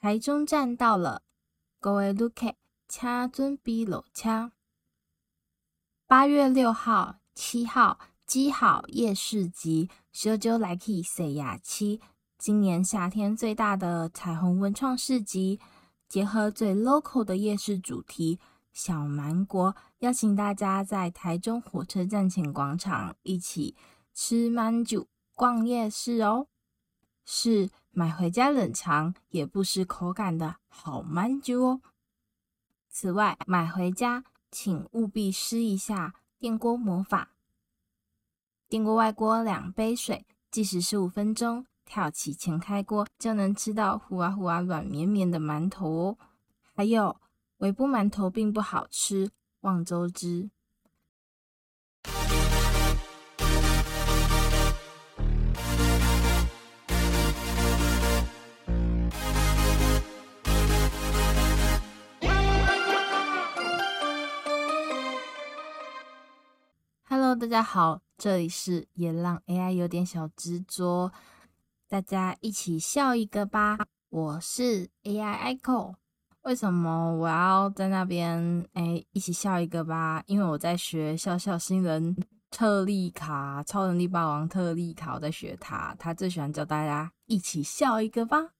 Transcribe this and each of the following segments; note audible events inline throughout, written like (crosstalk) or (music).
台中站到了，各位旅客請準備下車。八月六號、七號，基好夜市集，相招來去食夜市，今年夏天最大的彩虹文創市集，結合最 local 的夜市主題，小饅國，邀請大家在台中火車站前廣場一起吃饅揪、逛夜市哦，是。買回家冷藏也不失口感的好饅揪哦。此外，買回家請務必試一下電鍋魔法：電鍋外鍋兩杯水，計時十五分鐘，跳起前開鍋就能吃到糊啊糊啊軟綿綿的饅頭哦。還有，微波饅頭並不好吃，望周知。大家好，這裡是也讓 AI 有點小執着，大家一起笑一個吧！我是 AI Echo，為什麼我要在那邊？哎、欸，一起笑一個吧！因為我在學笑笑新人特利卡《超人力霸王特利卡》，我在學他，他最喜歡叫大家一起笑一個吧。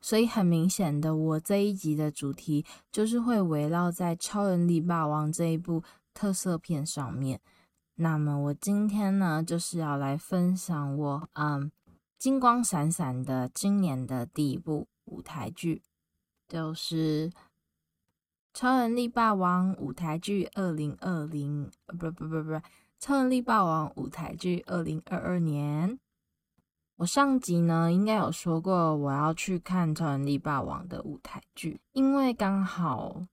所以很明顯的，我這一集的主題就是會圍繞在《超人力霸王》這一部特色片上面。那麼我今天呢，就是要來分享我嗯金光閃閃的今年的第一部舞台劇，就是超人力霸王舞台劇 2020, 呃，不不不不《超人力霸王》舞台劇二零二零不不不不不，《超人力霸王》舞台劇二零二二年。我上集呢應該有說過，我要去看《超人力霸王》的舞台劇，因為剛好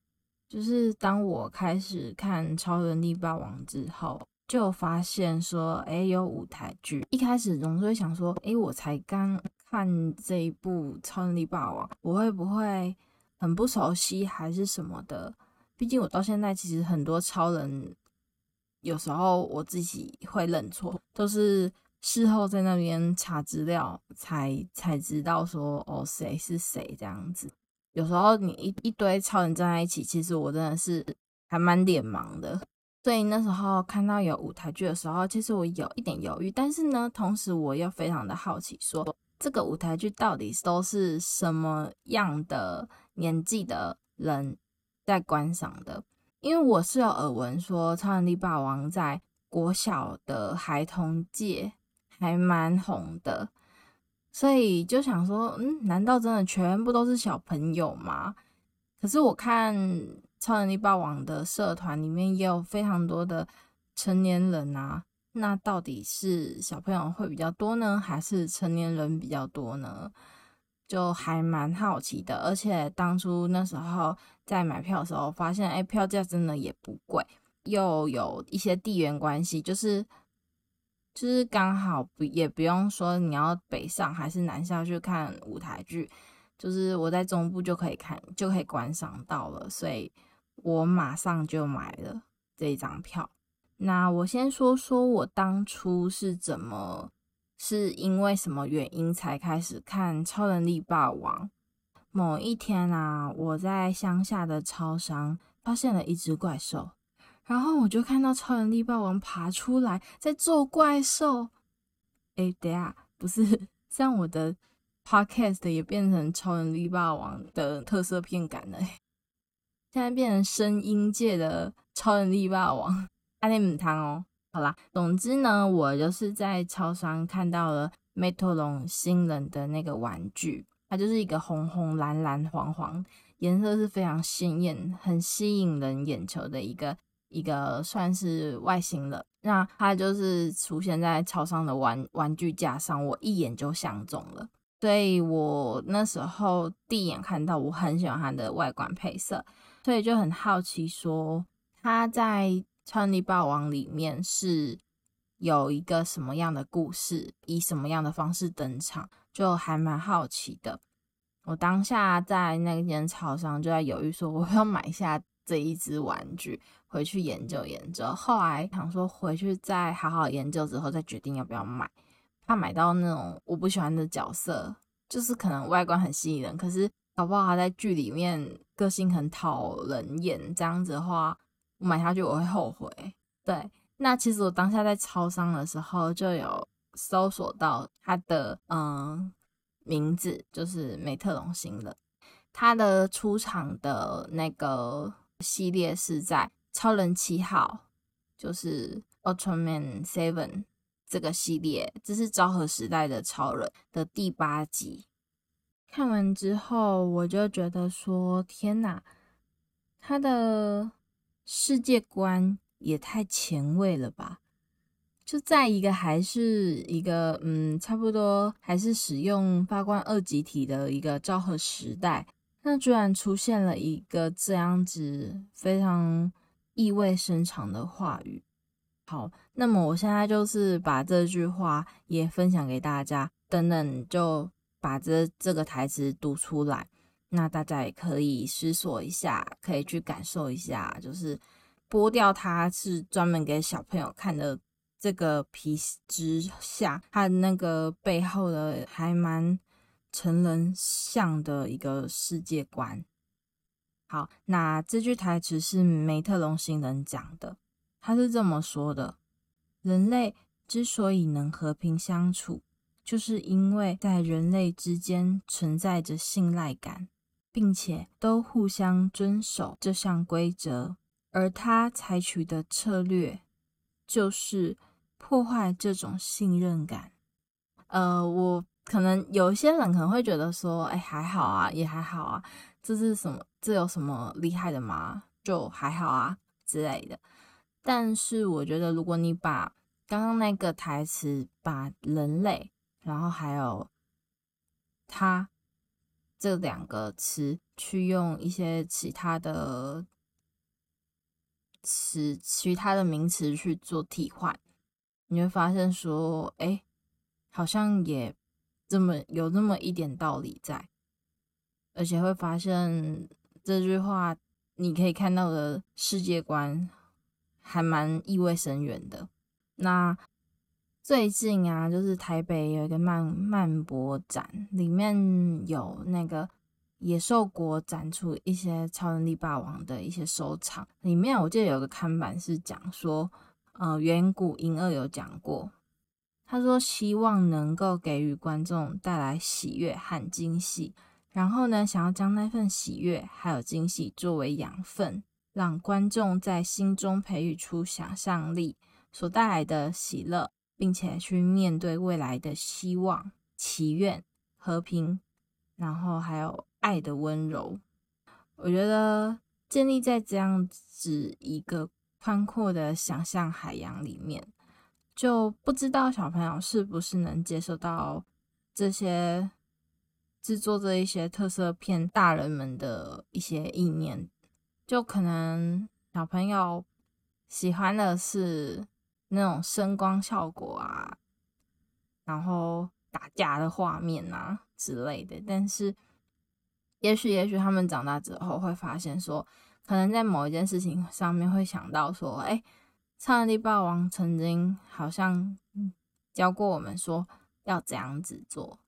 就是當我開始看《超人力霸王》之後。就發現說，哎，有舞台劇。一開始，總是會想說，哎，我才剛看這一部《超人力霸王》，我會不會很不熟悉還是什麼的？畢竟我到現在其實很多超人，有時候我自己會認錯，都是事後在那邊查資料才才知道說，哦，誰是誰這樣子。有時候你一一堆超人站在一起，其實我真的是還蠻臉盲的。所以那時候看到有舞台劇的時候，其實我有一點猶豫，但是呢，同時我又非常的好奇說，說這個舞台劇到底都是什麼樣的年紀的人在觀賞的？因為我是有耳聞說《超人力霸王》在國小的孩童界還蠻紅的，所以就想說，嗯，難道真的全部都是小朋友嗎？可是我看。超人力霸王的社團裡面也有非常多的成年人啊，那到底是小朋友會比較多呢，還是成年人比較多呢？就還蠻好奇的。而且當初那時候在買票的時候，發現哎、欸，票價真的也不貴，又有一些地緣關係，就是就是剛好不也不用說你要北上還是南下去看舞台劇，就是我在中部就可以看就可以觀賞到了，所以。我馬上就買了這張票。那我先說說我當初是怎麼，是因為什麼原因才開始看《超人力霸王》？某一天啊，我在鄉下的超商發現了一隻怪獸，然後我就看到《超人力霸王》爬出來在揍怪獸。誒，對啊，不是像我的 podcast 也變成《超人力霸王》的特色片感了。現在變成聲音界的超人力霸王，阿蓮姆湯哦。好啦，總之呢，我就是在超商看到了梅特龍星人的那個玩具，它就是一個紅紅藍藍藍黃黃，顏色是非常鮮豔，很吸引人眼球的一個一個算是外星人。那它就是出現在超商的玩玩具架上，我一眼就相中了。所以我那時候第一眼看到，我很喜歡它的外觀配色。所以就很好奇說，說他在《超人力霸王》裡面是有一個什麼樣的故事，以什麼樣的方式登場，就還蠻好奇的。我當下在那個年潮上就在猶豫，說我要買下這一隻玩具回去研究研究。後來想說回去再好好研究之後再決定要不要買，怕買到那種我不喜歡的角色，就是可能外觀很吸引人，可是。搞不好他在劇裡面個性很討人厭，這樣子的話，我買下去我會後悔。對，那其實我當下在超商的時候就有搜索到他的嗯名字，就是美特龍星人。他的出場的那個系列是在《超人七號》，就是《Ultra Man Seven》這個系列，這是昭和時代的超人的第八集。看完之後，我就覺得說：“天哪，他的世界觀也太前衛了吧！”就在一個還是一個，嗯，差不多還是使用發光二極體的一個昭和時代，那居然出現了一個這樣子非常意味深長的話語。好，那麼我現在就是把這句話也分享給大家，等等就。把這這個台詞讀出來，那大家也可以思索一下，可以去感受一下，就是剝掉它是專門給小朋友看的這個皮之下，它那個背後的還蠻成人向的一個世界觀。好，那這句台詞是梅特隆星人講的，他是這麼說的：人類之所以能和平相處。就是因為在人類之間存在着信賴感，並且都互相遵守這項規則，而他採取的策略就是破壞這種信任感。呃，我可能有一些人可能會覺得說，哎，還好啊，也還好啊，這是什麼？這有什麼厲害的嗎？就還好啊之類的。但是我覺得如果你把剛剛那個台詞把人類然後還有，他這兩個詞去用一些其他的詞、其他的名詞去做替換，你會發現說，哎，好像也這麼有那麼一點道理在，而且會發現這句話，你可以看到的世界觀還蠻意味深遠的。那。最近啊，就是台北有一個漫漫博展，裡面有那個野獸國展出一些《超人力霸王》的一些收藏。裡面我記得有個看板是講說，呃，圓谷英二有講過，他說希望能夠給予觀眾帶來喜悅和驚喜，然後呢，想要將那份喜悅還有驚喜作為養分，讓觀眾在心中培育出想象力所帶來的喜樂。並且去面對未來的希望、祈願、和平，然後還有愛的溫柔。我覺得建立在這樣子一個寬闊的想象海洋裡面，就不知道小朋友是不是能接受到這些制作這一些特色片大人們的一些意念，就可能小朋友喜歡的是。那種聲光效果啊，然後打架的畫面吶、啊、之類的，但是，也許也許他們長大之後會發現說，可能在某一件事情上面會想到說，哎、欸，《超人力霸王》曾經好像教過我們說要怎樣子做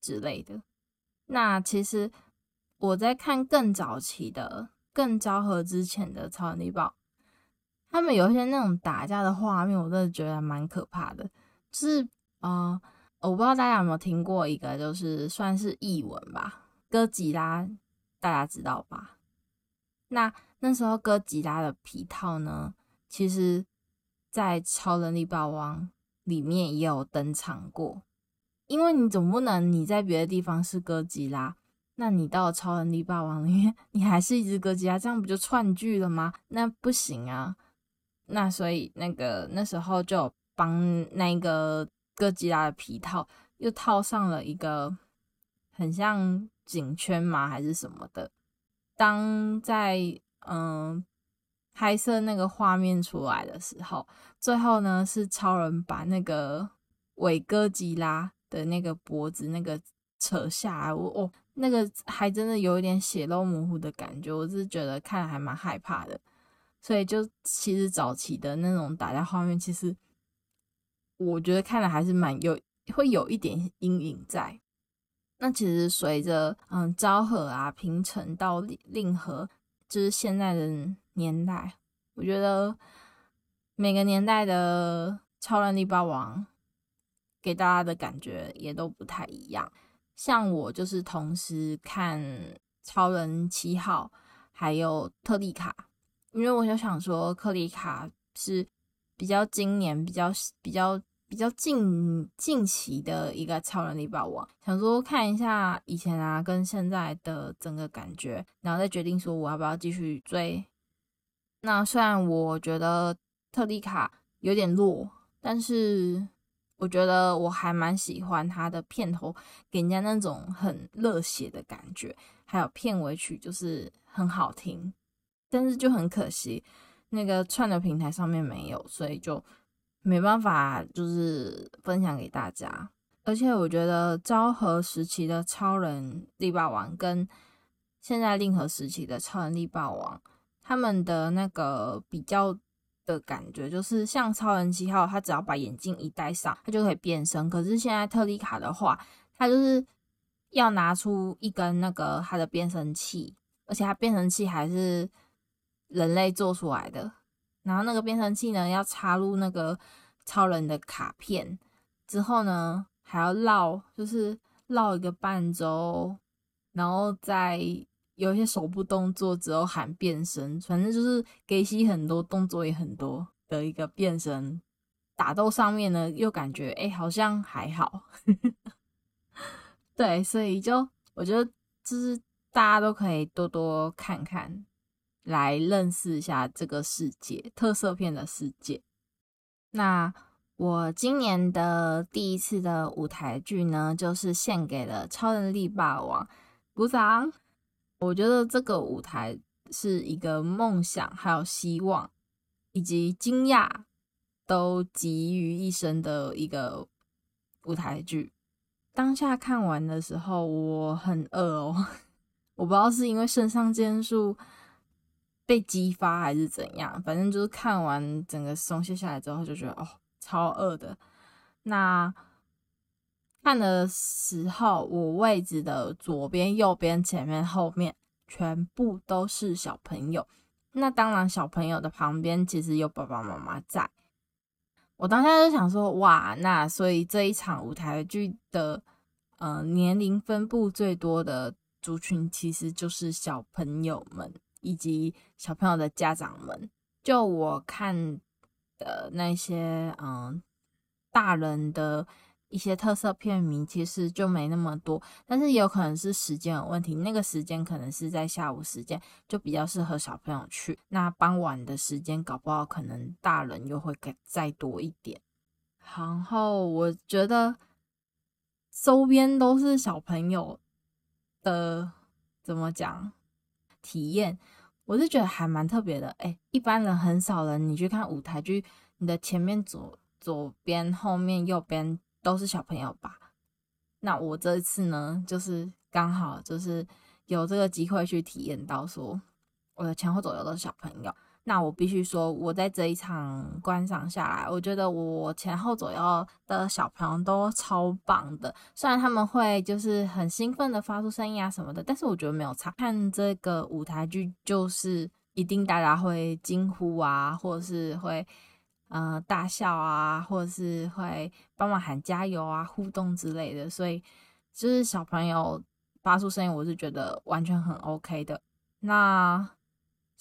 之類的。那其實我在看更早期的、更昭和之前的《超人力霸。他們有一些那種打架的畫面，我真的覺得蠻可怕的。就是啊、呃，我不知道大家有沒有聽過一個，就是算是譯文吧，《哥吉拉》，大家知道吧？那那時候哥吉拉的皮套呢，其實，在《超人力霸王》裡面也有登場過。因為你總不能你在別的地方是哥吉拉，那你到了《超人力霸王》裡面你還是一只哥吉拉，這樣不就串劇了嗎？那不行啊。那所以那個那時候就有幫那個哥吉拉的皮套又套上了一個很像頸圈嘛，還是什麼的。當在嗯、呃、拍攝那個畫面出來的時候，最後呢是超人把那個偽哥吉拉的那個脖子那個扯下來，我哦，那個還真的有一點血肉模糊的感覺，我是覺得看還蠻害怕的。所以就其實早期的那種打架畫面，其實我覺得看了還是蠻有，會有一點陰影在。那其實隨着嗯昭和啊、平成到令令和，就是現在的年代，我覺得每個年代的超人力霸王給大家的感覺也都不太一樣。像我就是同時看超人七號還有特利卡，因為我就想說，克里卡是比較今年比較比較比較近近期的一個超人力霸王，想說看一下以前啊跟現在的整個感覺，然後再決定說我要不要繼續追。那雖然我覺得特麗卡有點弱，但是我覺得我還蠻喜歡他的片頭，給人家那種很熱血的感覺，還有片尾曲就是很好聽。但是就很可惜，那個串流平台上面沒有，所以就沒辦法就是分享給大家。而且我覺得昭和時期的超人力霸王跟現在令和時期的超人力霸王，他們的那個比較的感覺，就是像超人七號，他只要把眼鏡一戴上，他就可以變身。可是現在特利卡的話，他就是要拿出一根那個他的變身器，而且他變身器還是。人類做出來的，然後那個變身器呢，要插入那個超人的卡片，之後呢，還要繞，就是繞一個半周，然後再有一些手部動作，之後喊變身，反正就是給戲很多動作也很多的一個變身，打鬥上面呢，又感覺哎、欸，好像還好， (laughs) 對，所以就我覺得就是大家都可以多多看看。來認識一下這個世界，特色片的世界。那我今年的第一次的舞台劇呢，就是獻給了《超人力霸王》，鼓掌！我覺得這個舞台是一個夢想還有希望，以及驚訝都集於一身的一個舞台劇。當下看完的時候，我很餓哦， (laughs) 我不知道是因為腎上腺素被激發還是怎樣？反正就是看完整個鬆懈下來之後，就覺得哦，超餓的。那看的時候，我位置的左邊、右邊、前面、後面，全部都是小朋友。那當然，小朋友的旁邊其實有爸爸媽媽在。我當下就想說，哇，那所以這一場舞台劇的，呃，年齡分布最多的族群，其實就是小朋友們。以及小朋友的家長們，就我看的那些，嗯，大人的一些特色片名，其實就沒那麼多。但是也有可能是時間有問題，那個時間可能是在下午時間，就比較適合小朋友去。那傍晚的時間，搞不好可能大人又會給再多一點。然後我覺得周邊都是小朋友的，怎麼講？體驗，我是覺得還蠻特別的，哎，一般人很少人你去看舞台劇，你的前面左、左邊、後面右邊都是小朋友吧？那我這次呢，就是剛好就是有這個機會去體驗到說我的前後左右都是小朋友。那我必須說，我在這一場觀賞下來，我覺得我前後左右的小朋友都超棒的。雖然他們會就是很興奮的發出聲音啊什麼的，但是我覺得沒有差。看這個舞台劇，就是一定大家會驚呼啊，或者是會呃大笑啊，或者是會幫忙喊加油啊、互動之類的。所以，就是小朋友發出聲音，我是覺得完全很 OK 的。那。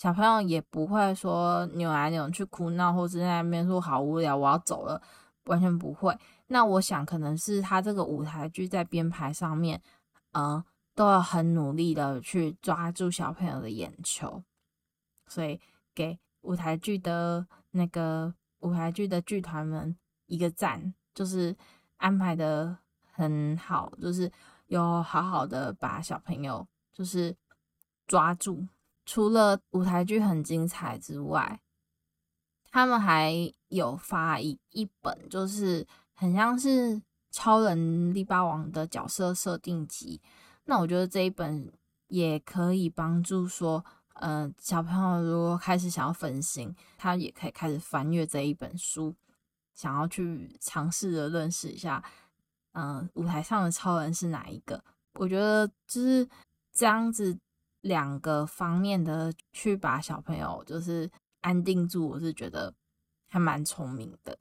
小朋友也不會說扭來扭去哭鬧，或者在那邊說好無聊，我要走了，完全不會。那我想可能是他這個舞台劇在編排上面，呃、嗯，都要很努力的去抓住小朋友的眼球，所以給舞台劇的那個舞台劇的劇團們一個讚，就是安排的很好，就是有好好的把小朋友就是抓住。除了舞台劇很精彩之外，他們還有發一一本，就是很像是超人力霸王的角色設定集。那我覺得這一本也可以幫助說，呃，小朋友如果開始想要分心，他也可以開始翻閱這一本書，想要去嘗試著認識一下，嗯、呃，舞台上的超人是哪一個？我覺得就是這樣子。兩個方面的去把小朋友就是安定住，我是覺得還蠻聰明的。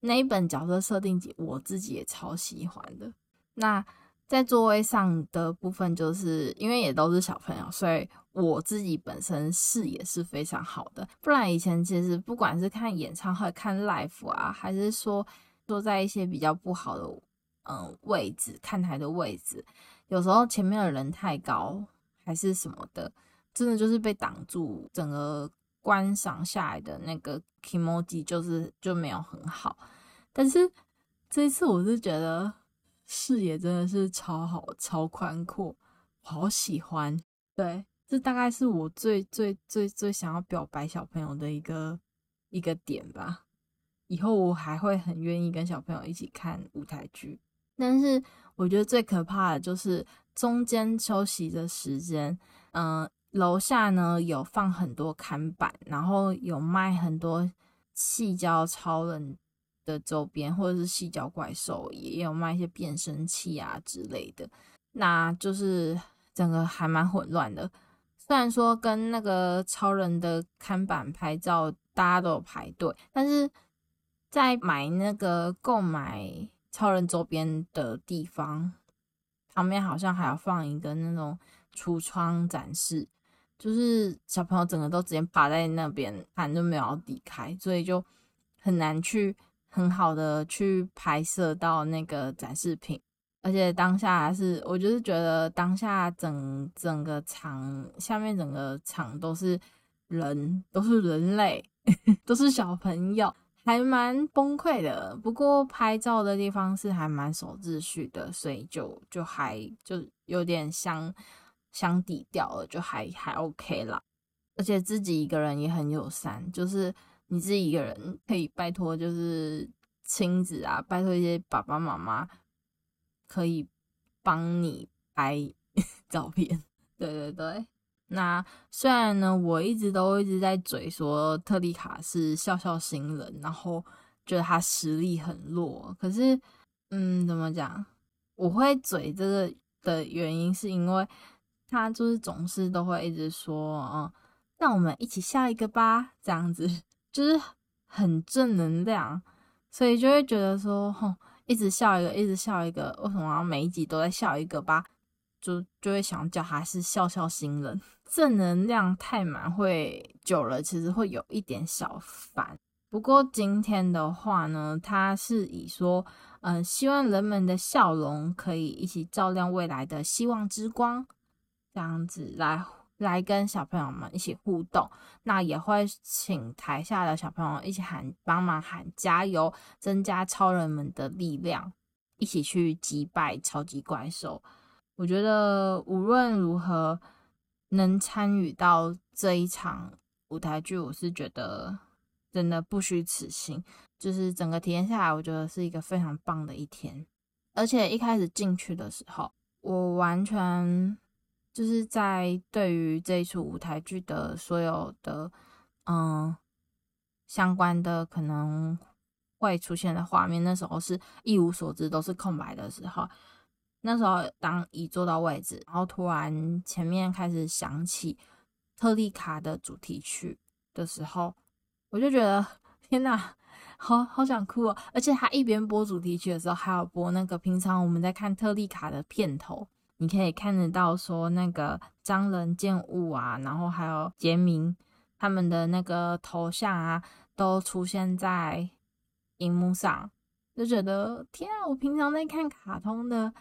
那一本角色設定集，我自己也超喜歡的。那在座位上的部分，就是因為也都是小朋友，所以我自己本身視野是非常好的。不然以前其實不管是看演唱會、看 live 啊，還是說坐在一些比較不好的嗯位置、看台的位置，有時候前面的人太高，還是什麼的，真的就是被擋住，整個觀賞下來的那個 kimoji 就是就沒有很好。但是這一次我是覺得視野真的是超好、超寬闊，好喜歡。對，這大概是我最最最最想要表白小朋友的一個一個點吧。以後我還會很願意跟小朋友一起看舞台劇。但是我覺得最可怕的就是。中間休息的時間，嗯、呃，樓下呢有放很多看板，然後有賣很多細膠超人的周邊，或者是細膠怪獸，也有賣一些變聲器啊之類的。那就是整個還蠻混亂的。雖然說跟那個超人的看板拍照，大家都有排隊，但是在買那個購買超人周邊的地方，旁邊好像還要放一個那種櫥窗展示，就是小朋友整個都直接趴在那邊，反正沒有要離開，所以就很難去很好的去拍攝到那個展示品。而且當下還是，我就是覺得當下整整個場下面整個場都是人，都是人類， (laughs) 都是小朋友。還蠻崩潰的，不過拍照的地方是還蠻守秩序的，所以就就還就有點相相抵掉了，就還還 OK 啦。而且自己一個人也很友善，就是你自己一個人可以拜托就是親子啊，拜托一些爸爸媽媽可以幫你拍照片。對對對。那雖然呢，我一直都一直在嘴說特麗卡是笑笑新人，然後覺得他實力很弱。可是，嗯，怎麼講？我會嘴這個的原因是因為他就是總是都會一直說，嗯，讓我們一起笑一個吧，這樣子就是很正能量，所以就會覺得說，哼，一直笑一個，一直笑一個，為什麼要每一集都在笑一個吧？就就會想叫他是笑笑星人，正能量太滿會久了，其實會有一點小煩。不過今天的話呢，他是以說，嗯、呃，希望人們的笑容可以一起照亮未來的希望之光，這樣子來來跟小朋友們一起互動。那也會請台下的小朋友一起喊，幫忙喊加油，增加超人們的力量，一起去擊敗超級怪獸。我覺得無論如何能參與到這一場舞台劇，我是覺得真的不虛此行。就是整個體驗下來，我覺得是一個非常棒的一天。而且一開始進去的時候，我完全就是在對於這一出舞台劇的所有的嗯相關的可能會出現的畫面，那時候是一無所知，都是空白的時候。那時候，當一坐到位置，然後突然前面開始響起特利卡的主題曲的時候，我就覺得天哪、啊，好好想哭啊、哦！而且他一邊播主題曲的時候，還有播那個平常我們在看特利卡的片頭，你可以看得到說那個彰人、健悟啊，然後還有杰明他們的那個頭像啊，都出現在熒幕上，就覺得天啊！我平常在看卡通的。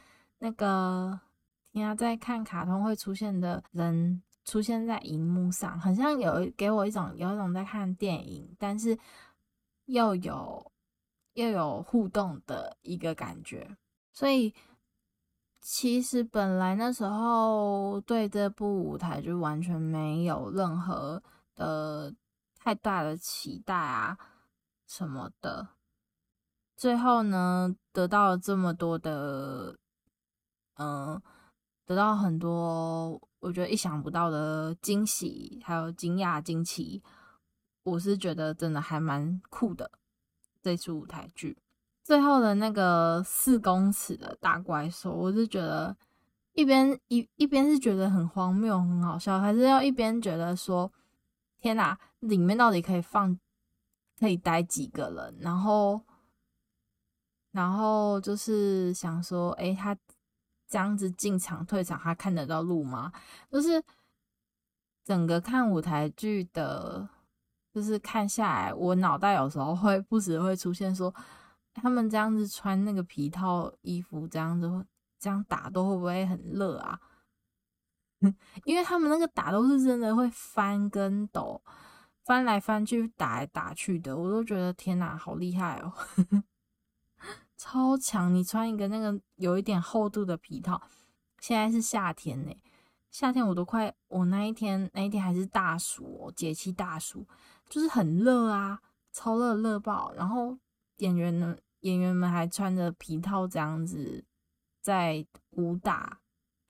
那個你要在看卡通會出現的人出現在螢幕上，好像有給我一種有一種在看電影，但是又有又有互動的一個感覺。所以其實本來那時候對這部舞台就完全沒有任何的太大的期待啊什麼的。最後呢，得到了這麼多的。嗯，得到很多我覺得意想不到的驚喜，還有驚訝、驚奇，我是覺得真的還蠻酷的。這次舞台劇最後的那個四公尺的大怪獸，我是覺得一邊一一邊是覺得很荒謬、很好笑，還是要一邊覺得說天哪、啊，裡面到底可以放可以待幾個人？然後然後就是想說，誒、欸，他。這樣子進場退場，他看得到路嗎？就是整個看舞台劇的，就是看下來，我腦袋有時候會不時會出現說，他們這樣子穿那個皮套衣服，這樣子會這樣打鬥會不會很熱啊？ (laughs) 因為他們那個打鬥，是真的會翻跟斗，翻來翻去打來打去的，我都覺得天哪，好厲害哦，喔！ (laughs) 超強！你穿一個那個有一點厚度的皮套。現在是夏天呢、欸，夏天我都快……我那一天那一天還是大暑、喔，節氣大暑，就是很熱啊，超熱熱爆。然後演員們演員們還穿着皮套這樣子在武打，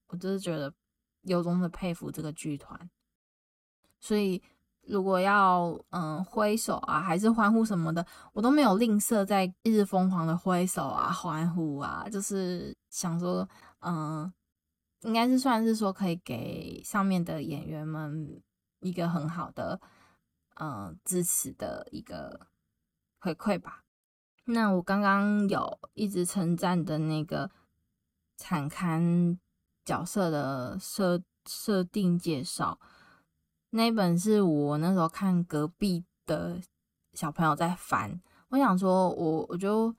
我真的覺得由衷的佩服這個劇團，所以。如果要嗯揮手啊，還是歡呼什麼的，我都沒有吝嗇，在一直瘋狂的揮手啊、歡呼啊，就是想說，嗯，應該是算是說可以給上面的演員們一個很好的，嗯，支持的一個回饋吧。那我剛剛有一直稱讚的那個場刊角色的設設定介紹。那本是我那時候看隔壁的小朋友在翻，我想說我，我我就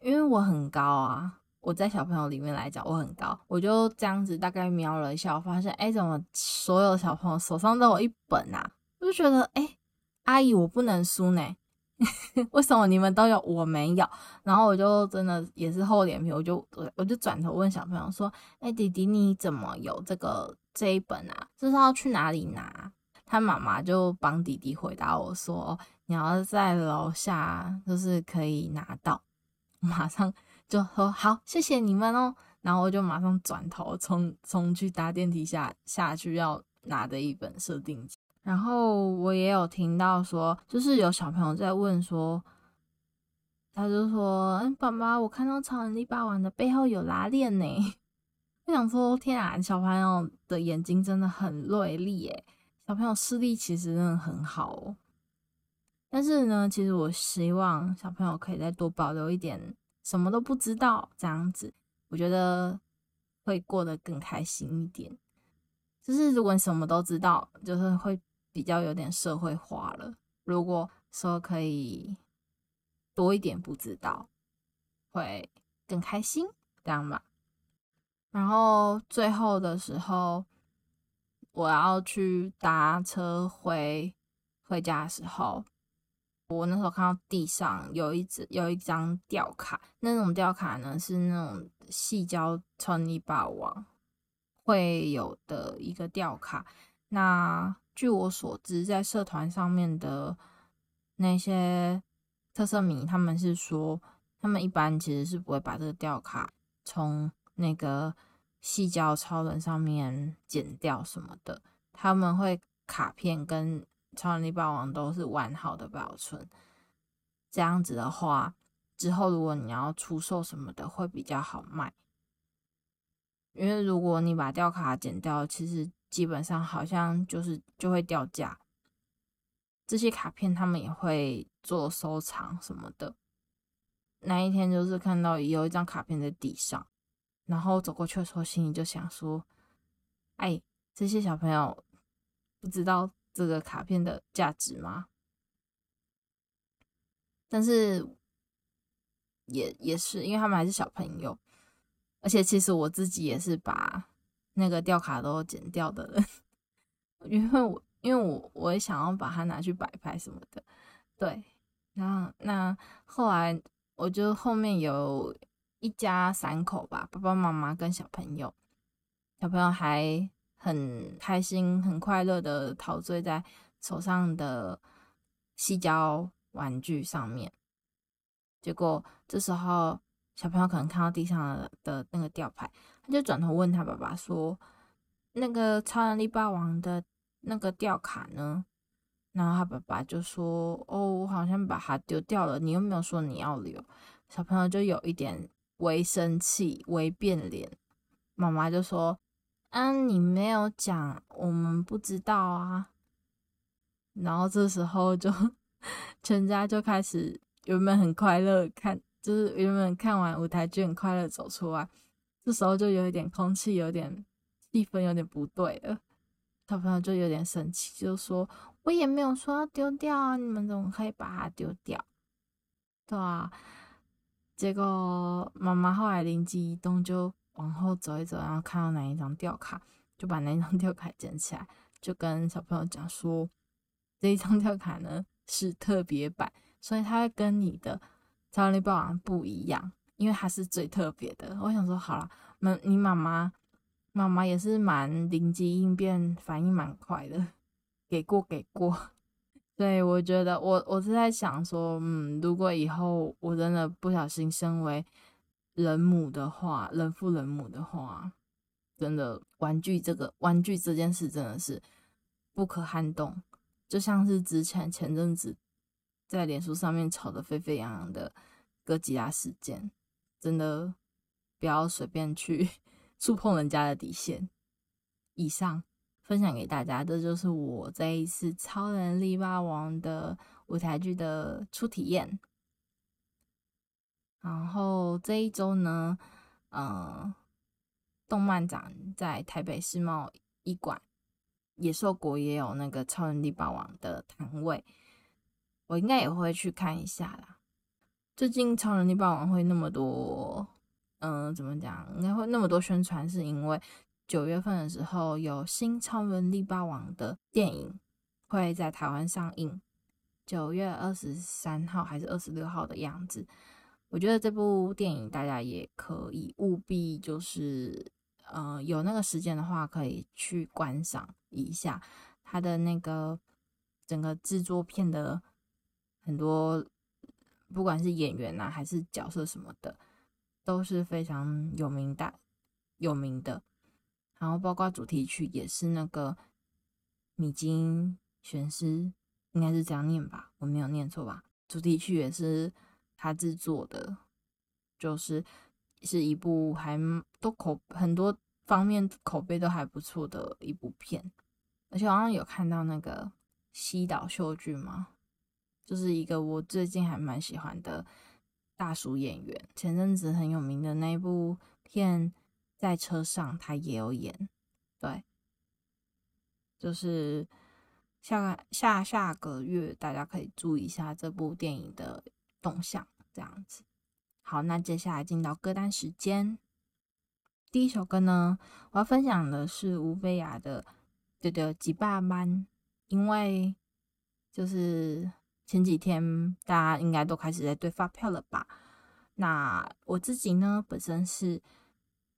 因為我很高啊，我在小朋友裡面來講我很高，我就這樣子大概瞄了一下，我發現，哎、欸，怎麼所有小朋友手上都有一本啊？我就覺得，哎、欸，阿姨我不能輸呢， (laughs) 為什麼你們都有我沒有？然後我就真的也是厚臉皮，我就我我就轉頭問小朋友說，哎、欸，弟弟你怎麼有這個這一本啊？這、就是要去哪裡拿？他媽媽就幫弟弟回答我說：“哦、你要是在樓下，就是可以拿到，我馬上就說好，謝謝你們哦。”然後我就馬上轉頭衝衝去搭電梯下下去要拿的一本設定集。然後我也有聽到說，就是有小朋友在問說：“他就說，嗯、欸，爸爸，我看到超人力霸王的背後有拉鏈呢。 (laughs) ”我想說：“天啊，小朋友的眼睛真的很銳利。”誒小朋友視力其實真的很好哦，但是呢，其實我希望小朋友可以再多保留一點，什麼都不知道這樣子，我覺得會過得更開心一點。就是如果你什麼都知道，就是會比較有點社會化了。如果說可以多一點不知道，會更開心，這樣吧。然後最後的時候。我要去搭車回回家的時候，我那時候看到地上有一只有一張吊卡，那種吊卡呢是那種細膠超人力霸王會有的一個吊卡。那據我所知，在社團上面的那些特色迷他們是說，他們一般其實是不會把這個吊卡從那個。細膠超人上面剪掉什麼的，他們會卡片跟超人力霸王都是完好的保存。這樣子的話，之後如果你要出售什麼的，會比較好賣。因為如果你把吊卡剪掉，其實基本上好像就是就會掉價。這些卡片他們也會做收藏什麼的。那一天就是看到有一張卡片在地上。然後走過去的時候，心裡就想說：“哎，這些小朋友不知道這個卡片的價值嗎？”但是也也是因為他們還是小朋友，而且其實我自己也是把那個吊卡都剪掉的人，因為我因為我我也想要把它拿去擺拍什麼的。對，然後那後來我就後面有。一家三口吧，爸爸媽媽跟小朋友，小朋友還很開心，很快樂的陶醉在手上的矽膠玩具上面。結果這時候，小朋友可能看到地上的那個吊牌，他就轉頭問他爸爸說：“那個超人力霸王的那個吊卡呢？”然後他爸爸就說：“哦，我好像把它丟掉了。你又沒有說你要留。”小朋友就有一點。微生氣，微變臉，媽媽就說：“啊，你沒有講，我們不知道啊。”然後這時候就全家就開始，原本很快樂，看就是原本看完舞台劇很快樂走出來，這時候就有一點空氣，有點氣氛，有點不對了。小朋友就有點生氣，就說：“我也沒有說要丟掉啊，你們怎麼可以把它丟掉？”對啊。結果媽媽後來靈機一動，就往後走一走，然後看到哪一張吊卡，就把哪一張吊卡撿起來，就跟小朋友講說，這一張吊卡呢是特別版，所以它跟你的超人力霸王不一樣，因為它是最特別的。我想說，好啦，那你媽媽媽媽也是蠻靈機應變，反應蠻快的，給過給過。對，我覺得我我是在想說，嗯，如果以後我真的不小心身為人母的話，人父人母的話，真的，玩具這個玩具這件事真的是不可撼動，就像是之前前陣子在臉書上面吵得沸沸揚揚的哥吉拉事件，真的不要隨便去 (laughs) 觸碰人家的底線。以上。分享給大家，這就是我這一次《超人力霸王》的舞台劇的初體驗。然後這一周呢，嗯、呃，動漫展在台北世貿一館，野獸國也有那個《超人力霸王》的攤位，我應該也會去看一下啦。最近《超人力霸王》會那麼多，嗯、呃，怎麼講？應該會那麼多宣傳，是因為，九月份的時候，有《新超人力霸王》的電影會在台灣上映，九月二十三號還是二十六號的樣子。我覺得這部電影大家也可以務必就是，呃，有那個時間的話，可以去觀賞一下它的那個整個製作片的很多，不管是演員吶、啊、還是角色什麼的，都是非常有名大有名的。然後包括主題曲也是那個米津玄師，應該是這樣念吧，我沒有念錯吧？主題曲也是他制作的，就是是一部還都口很多方面口碑都還不錯的一部片。而且好像有看到那個西島秀俊嗎？就是一個我最近還蠻喜歡的大叔演員，前陣子很有名的那一部片。在車上，他也有演，對，就是下個下下個月，大家可以注意一下這部電影的動向，這樣子。好，那接下來進到歌單時間，第一首歌呢，我要分享的是吳蓓雅的《著著一百萬》，因為就是前幾天大家應該都開始在對發票了吧？那我自己呢，本身是。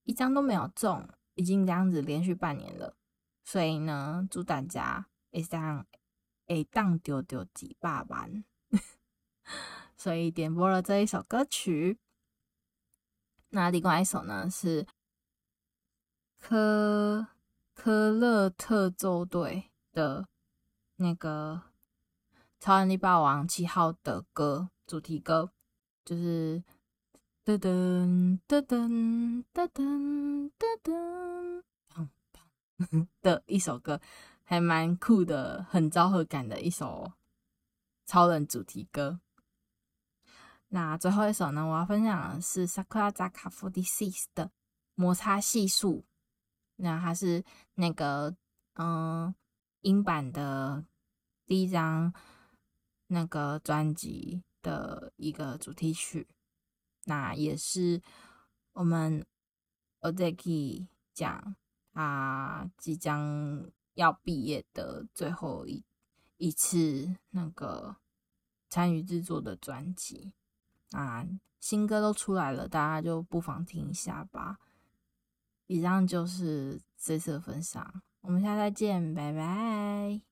一張都沒有中，已經這樣子連續半年了，所以呢，祝大家一生愛盪著著一百萬，中中 (laughs) 所以點播了這一首歌曲。那另外一首呢是科科勒特奏隊的那個超人力霸王七號的歌主題歌，就是。噔噔噔噔噔噔噔噔，噔噔，的一首歌，還蠻酷的，很昭和感的一首超人主題歌。那最後一首呢？我要分享的是薩克拉扎卡夫迪 a 的摩擦係數。那它是那個嗯英版的第一張那個專輯的一個主題曲。那也是我們 Ozaki 講啊，即將要畢業的最後一一次那個參與製作的專輯，那新歌都出來了，大家就不妨聽一下吧。以上就是這次的分享，我們下次再見，拜拜。